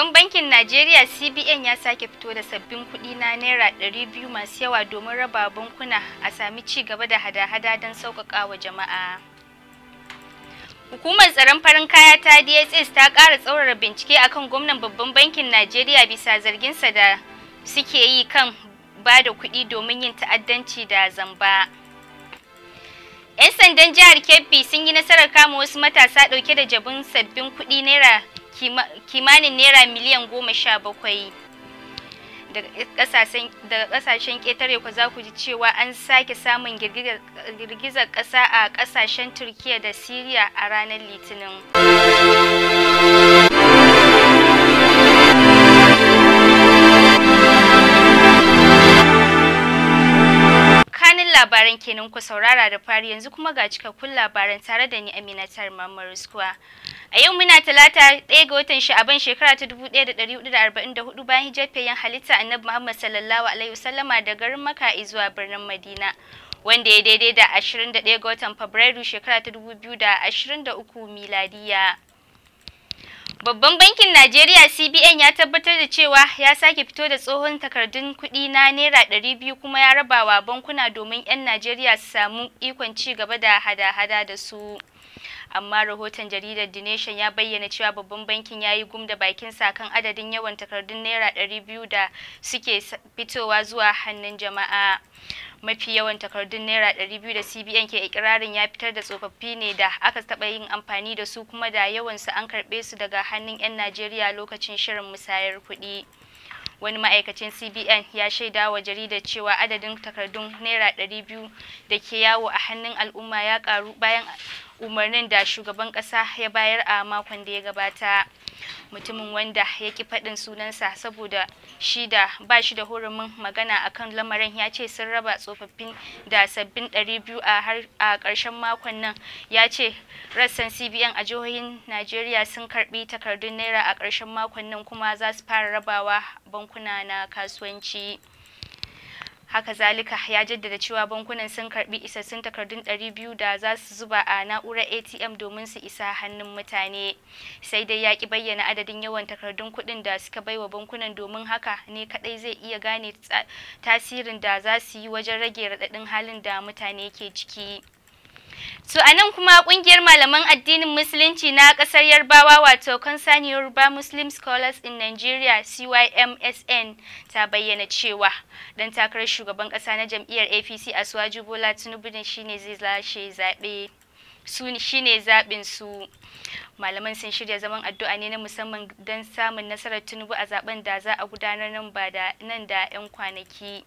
Babban bankin Najeriya CBN ya sake fito da sabbin kuɗi na Naira biyu masu yawa domin raba bankuna a sami ci gaba da hada-hada don sauƙaƙa wa jama'a. Hukumar tsaron farin kaya ta DSS ta ƙara tsaurara bincike a kan gwamnan babban bankin Najeriya bisa zarginsa da suke yi kan ba da kuɗi domin yin ta'addanci da zamba. 'Yan sandan jihar Kebbi sun yi nasarar kama wasu matasa ɗauke da jabin sabbin kuɗi Naira kimanin naira miliyan goma sha bakwai daga kasashen ƙetare ku za ku ji cewa an sake samun girgizar ƙasa a ƙasashen turkiya da siriya a ranar litinin kanin labaran kenan ku saurara da fari yanzu kuma ga cikakkun labaran tare da ni amina tarmamar A yau muna talata ɗaya ga watan sha'aban shekara ta hudu bayan hijafiyan halitta annabi Muhammad sallallahu alaihi wasallama da garin maka zuwa birnin Madina. Wanda ya daidai da ɗaya ga watan Fabrairu shekara ta uku miladiya. Babban bankin Najeriya CBN ya tabbatar da cewa ya sake fito da tsohon takardun kuɗi na Naira ɗari biyu kuma ya rabawa bankuna domin 'yan Najeriya su samu ikon ci gaba da hada-hada da su. amma rahoton jaridar The Nation ya bayyana cewa babban bankin ya yi gum da bakin sa kan adadin yawan takardun naira biyu da suke fitowa zuwa hannun jama'a mafi yawan takardun naira biyu da CBN ke ikirarin ya fitar da tsofaffi ne da aka taɓa yin amfani da su kuma da yawansu an karɓe su daga hannun 'yan Najeriya lokacin shirin musayar kuɗi. wani ma'aikacin cbn ya shaida wa jaridar cewa adadin takardun naira 200 da ke yawo a hannun al'umma ya karu bayan umarnin da shugaban kasa ya bayar a makon da ya gabata mutumin wanda ya ki faɗin sunansa saboda shi da ba shi da hurumin magana akan lamarin ya ce sun raba tsofaffin da sabbin 200 a karshen makon nan ya ce rassan cbn a jihohin najeriya sun karbi takardun naira a ƙarshen makon nan kuma za su fara rabawa bankuna na kasuwanci haka zalika ya jaddada cewa bankunan sun karbi isassun takardun ɗari biyu da za su zuba a na'urar atm domin su isa hannun mutane sai dai ya ki bayyana adadin yawan takardun kuɗin da suka baiwa bankunan domin haka ne kadai zai iya gane tasirin da za su yi wajen rage raɗaɗin halin da mutane ke ciki To anan kuma kungiyar malaman addinin musulunci na kasar Yarbawa wato Concern Yoruba Muslim Scholars in Nigeria CYMSN ta bayyana cewa dan takarar shugaban kasa na jam'iyyar APC a suwaju Bola Tinubu shine zai lashe zabe su shine zabin su. malaman sun shirya zaman addu'a ne na musamman don samun nasarar tinubu a zaben da za a gudanar nan ba da nan da 'yan kwanaki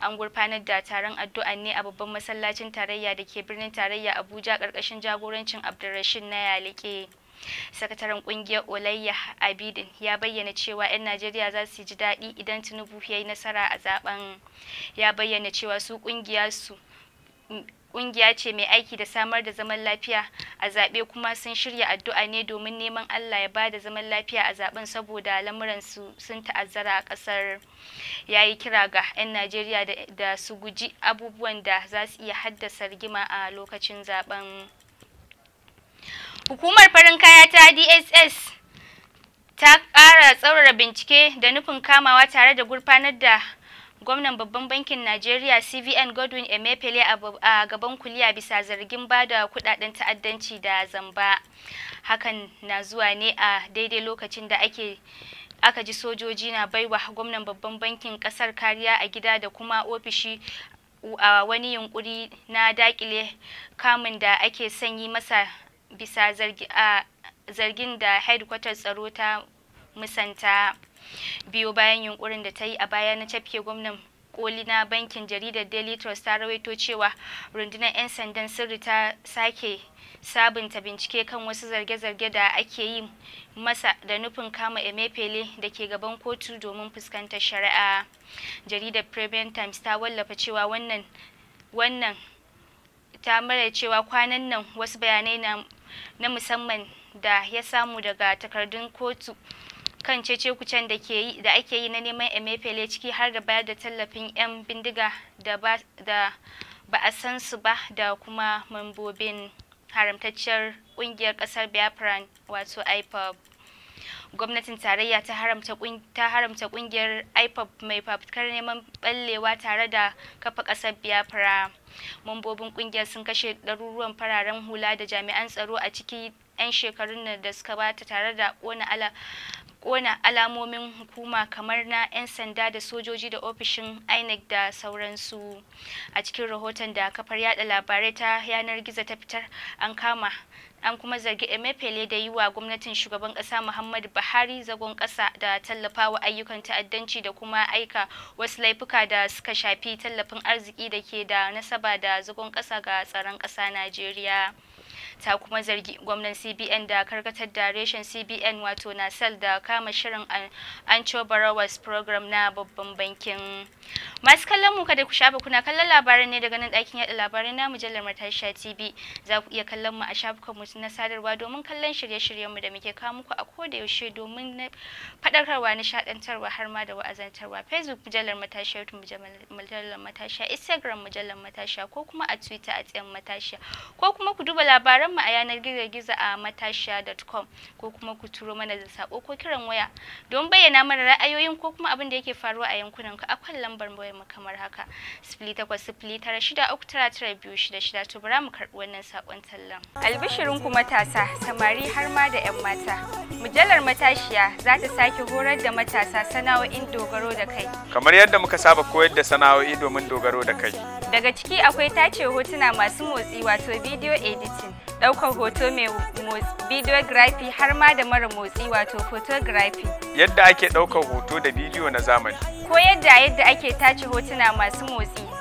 an gurfanar da taron addu'a ne a babban masallacin tarayya da ke birnin tarayya abuja karkashin jagorancin abdulrashid na yalike sakataren kungiyar olayya abidin ya bayyana cewa 'yan najeriya za su ji daɗi idan tinubu ya yi nasara a zaben ya bayyana cewa su kungiya su Kungiya ce mai aiki da samar da zaman lafiya a zaɓe kuma sun shirya addu'a ne domin neman Allah ya ba da zaman lafiya a zaɓen saboda lamuransu sun ta'azzara a ƙasar ya yi kira ga 'yan Najeriya da su guji abubuwan da za su iya haddasa rigima a lokacin zaɓen. Hukumar farin kaya ta DSS ta ƙara tsaurara bincike da nufin kamawa tare da gurfanar da gwamnan babban bankin najeriya cvn godwin emefiele a gaban kuliya bisa zargin ba da kudaden ta'addanci da zamba hakan na zuwa ne a daidai lokacin da ake aka ji sojoji na baiwa gwamnan babban bankin kasar kariya a gida da kuma ofishi a wani yunkuri na dakile kamun da ake sanyi masa bisa zargin da headquarters tsaro ta musanta biyo bayan yunkurin da ta yi a baya na cafke gwamnan koli na bankin jaridar daily trust ta rawaito cewa rundunar 'yan sandan sirri ta sake sabunta bincike kan wasu zarge-zarge da ake yi masa da nufin kama emefele da ke gaban kotu domin fuskantar shari'a jaridar premium times ta wallafa cewa wannan wannan ta mara cewa kwanan nan wasu bayanai na musamman da ya samu daga takardun kotu kan cece-kucen da ake yi na neman emefele ciki har da bayar da tallafin 'yan bindiga da ba a san su ba da kuma mambobin haramtacciyar kungiyar kasar biafran wato ipob gwamnatin tarayya ta haramta kungiyar ipob mai fafutukar neman ballewa tare da kafa kasar biafra mambobin kungiyar sun kashe daruruwan fararen hula da jami'an tsaro a ciki 'yan shekarun da suka bata tare da wani kona alamomin hukuma kamar na 'yan sanda da sojoji da ofishin inec da sauransu a cikin rahoton da kafar yada labarai ta yanar gizo ta fitar an kama an kuma zargi emefele da yi wa gwamnatin shugaban kasa muhammadu buhari zagon kasa da tallafawa ayyukan ta'addanci da kuma aika wasu laifuka da suka shafi tallafin arziki da ke da nasaba da zagon kasa ga tsaron kasa najeriya ta kuma zargi gwamnan cbn da karkatar da reshen cbn wato nasal da kama shirin ancho barawas program na babban bankin masu kallon mu kada ku shafa kuna kallon labarin ne daga nan ɗakin yaɗa labarai na mujallar matashiya tv za ku iya kallon mu a shafukan mu na sadarwa domin kallon shirye-shiryen mu da muke kawo muku a da yaushe domin na faɗakarwa nishaɗantarwa har ma da wa'azantarwa facebook mujallar matashiya youtube mujallar matashiya instagram mujallar matashiya ko kuma a twitter a tsayin matashiya ko kuma ku duba labaran kiran mu a yanar gizo-gizo a matashiya.com ko kuma ku turo mana da sako ko kiran waya don bayyana mana ra'ayoyin ko kuma abin da yake faruwa a yankunan ka akwai lambar waya mu kamar haka shida to bara mu karɓi wannan sakon tallan albishirin ku matasa samari har ma da 'yan mata mujallar matashiya za ta sake horar da matasa sana'o'in dogaro da kai kamar yadda muka saba koyar da sana'o'i domin dogaro da kai Daga ciki akwai tace hotuna masu motsi wato video editing, ɗaukar hoto mai videography har ma da mara motsi wato photography. Yadda ake ɗaukar hoto da bidiyo na zamani. Ko yadda yadda ake tace hotuna masu motsi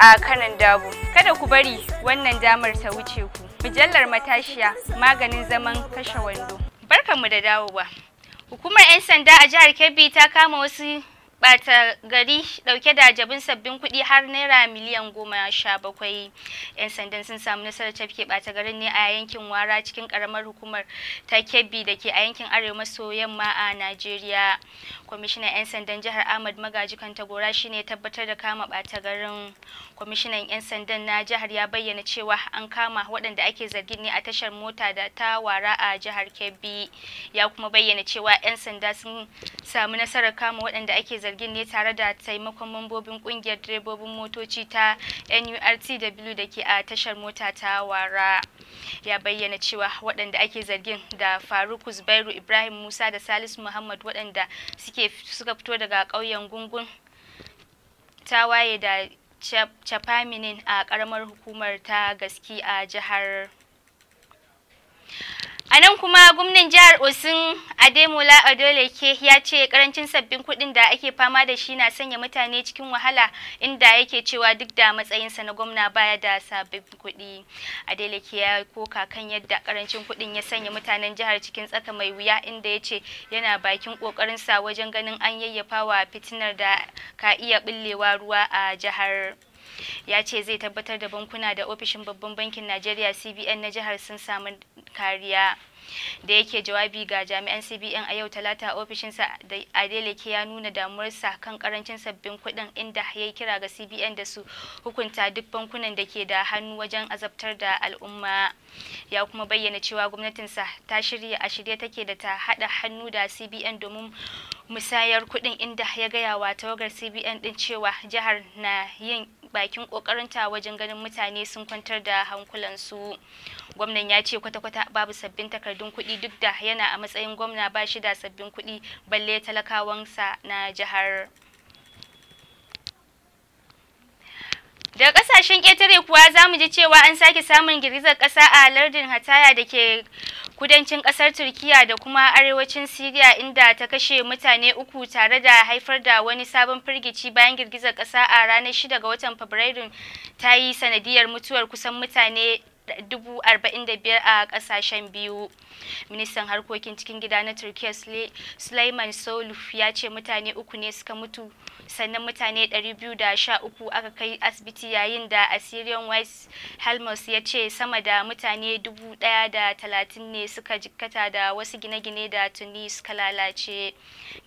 a kanan dabo kada ku bari wannan damar ta wuce ku mujallar matashiya maganin zaman kashe wando barkanmu da dawowa hukumar 'yan sanda a jihar kebbi ta kama wasu bata gari dauke da jabin sabbin kuɗi har naira miliyan goma sha bakwai yan sandan sun samu nasarar tafke bata garin ne a yankin wara cikin karamar hukumar ta kebbi da ke a yankin arewa maso yamma a najeriya kwamishinan yan sandan jihar ahmad magaji kan gora shine tabbatar da kama bata garin kwamishinan yan sandan na jihar ya bayyana cewa an kama waɗanda ake zargin ne a tashar mota da ta wara a jihar kebbi ya kuma bayyana cewa yan sanda sun samu nasarar kama waɗanda ake zargin zargin ne tare da taimakon mambobin kungiyar direbobin motoci ta nurtw da ke a tashar mota ta wara ya bayyana cewa waɗanda ake zargin da faruk zubairu ibrahim musa da salisu muhammad waɗanda suka fito daga ƙauyen gungun ta waye da chapaminin a ƙaramar hukumar ta gaski a jihar A nan kuma gwamnan jihar Osun Ademola Adoleke ya ce karancin sabbin kuɗin da ake fama da shi na sanya mutane cikin wahala inda yake cewa duk da matsayinsa na gwamna baya da sabbin kuɗi. Adeleke ya koka kan yadda karancin kuɗin ya sanya mutanen jihar cikin tsaka mai wuya inda ya ce yana bakin kokarinsa wajen ganin an yayyafa wa fitinar da ka iya ruwa a jihar. ya ce zai tabbatar da bankuna da ofishin babban bankin najeriya cbn na jihar sun samu kariya da yake jawabi ga jami'an cbn a yau talata ofishinsa da adeleke ya nuna damuwarsa kan karancin sabbin kuɗin inda ya kira ga cbn da su hukunta duk bankunan da ke da hannu wajen azabtar da al'umma ya kuma bayyana cewa gwamnatinsa ta shirya a shirye take da ta hada hannu da cbn domin musayar kuɗin inda ya gaya wa tawagar cbn ɗin cewa jihar na yin bakin kokarinta wajen ganin mutane sun kwantar da hankulansu gwamnan ya ce kwata-kwata babu sabbin takardun kuɗi duk da yana a matsayin gwamna ba shi da sabbin kuɗi balle talakawansa na jihar da kasashen ƙetare kuwa za mu ji cewa an sake samun girgizar ƙasa a lardin hataya da ke kudancin kasar turkiya da kuma arewacin siriya inda ta kashe mutane uku tare da haifar da wani sabon firgici bayan girgizar kasa a ranar 6 ga watan fabrairu ta yi sanadiyar mutuwar kusan mutane 45 a kasashen biyu ministan harkokin cikin gida na turkiya sulaiman soluf ya ce mutane uku ne suka mutu sannan mutane 213 aka kai asibiti yayin da assyrian wise helmus ya ce sama da mutane 1,030 ne suka jikkata da wasu gine-gine da tuni suka lalace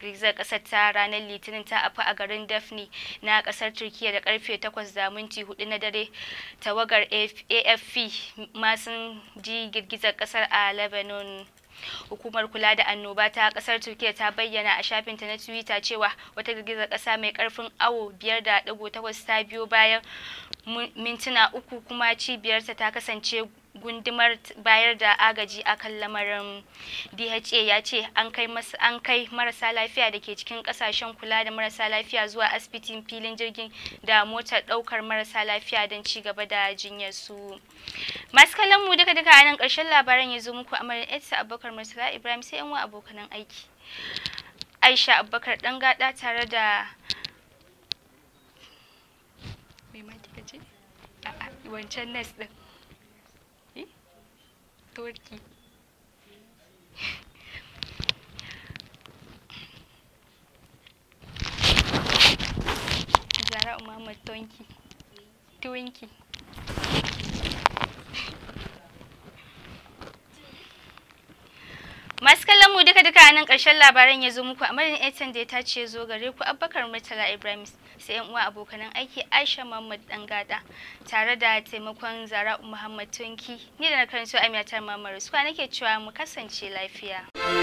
girgizar kasar ta ranar litinin ta afi a garin daphne na kasar turkiya da karfe 8 da minti 4 na dare tawagar afp ma sun ji girgizar kasar a lebanon hukumar kula da annoba ta kasar turkiya ta bayyana a shafinta na twitter cewa wata girgizar kasa mai karfin awo biyar da takwas ta biyo bayan mintuna uku kuma cibiyarta ta kasance gundumar bayar da agaji a kan lamarin dha ya ce an kai marasa lafiya da ke cikin kasashen kula da marasa lafiya zuwa asibitin filin jirgin da motar daukar marasa lafiya don ci gaba da jinyar su masu kallon mu duka duka a nan karshen labaran ya zo muku amarin edsa abubakar murtala ibrahim sai yanwa abokan abokanan aiki aisha abubakar dan gada tare da wancan nes din ator aqui. Zara, o mama Twinkie. Twinkie. masu kallon mu duka duka nan ƙarshen labaran ya zo muku a madadin etan da ya tace zo gare ku abbakar murtala ibrahim sai yan uwa abokanan aiki aisha muhammad dangada tare da taimakon zara'u muhammad tunki ni da na karanto amiyar mamar su nake cewa mu kasance lafiya.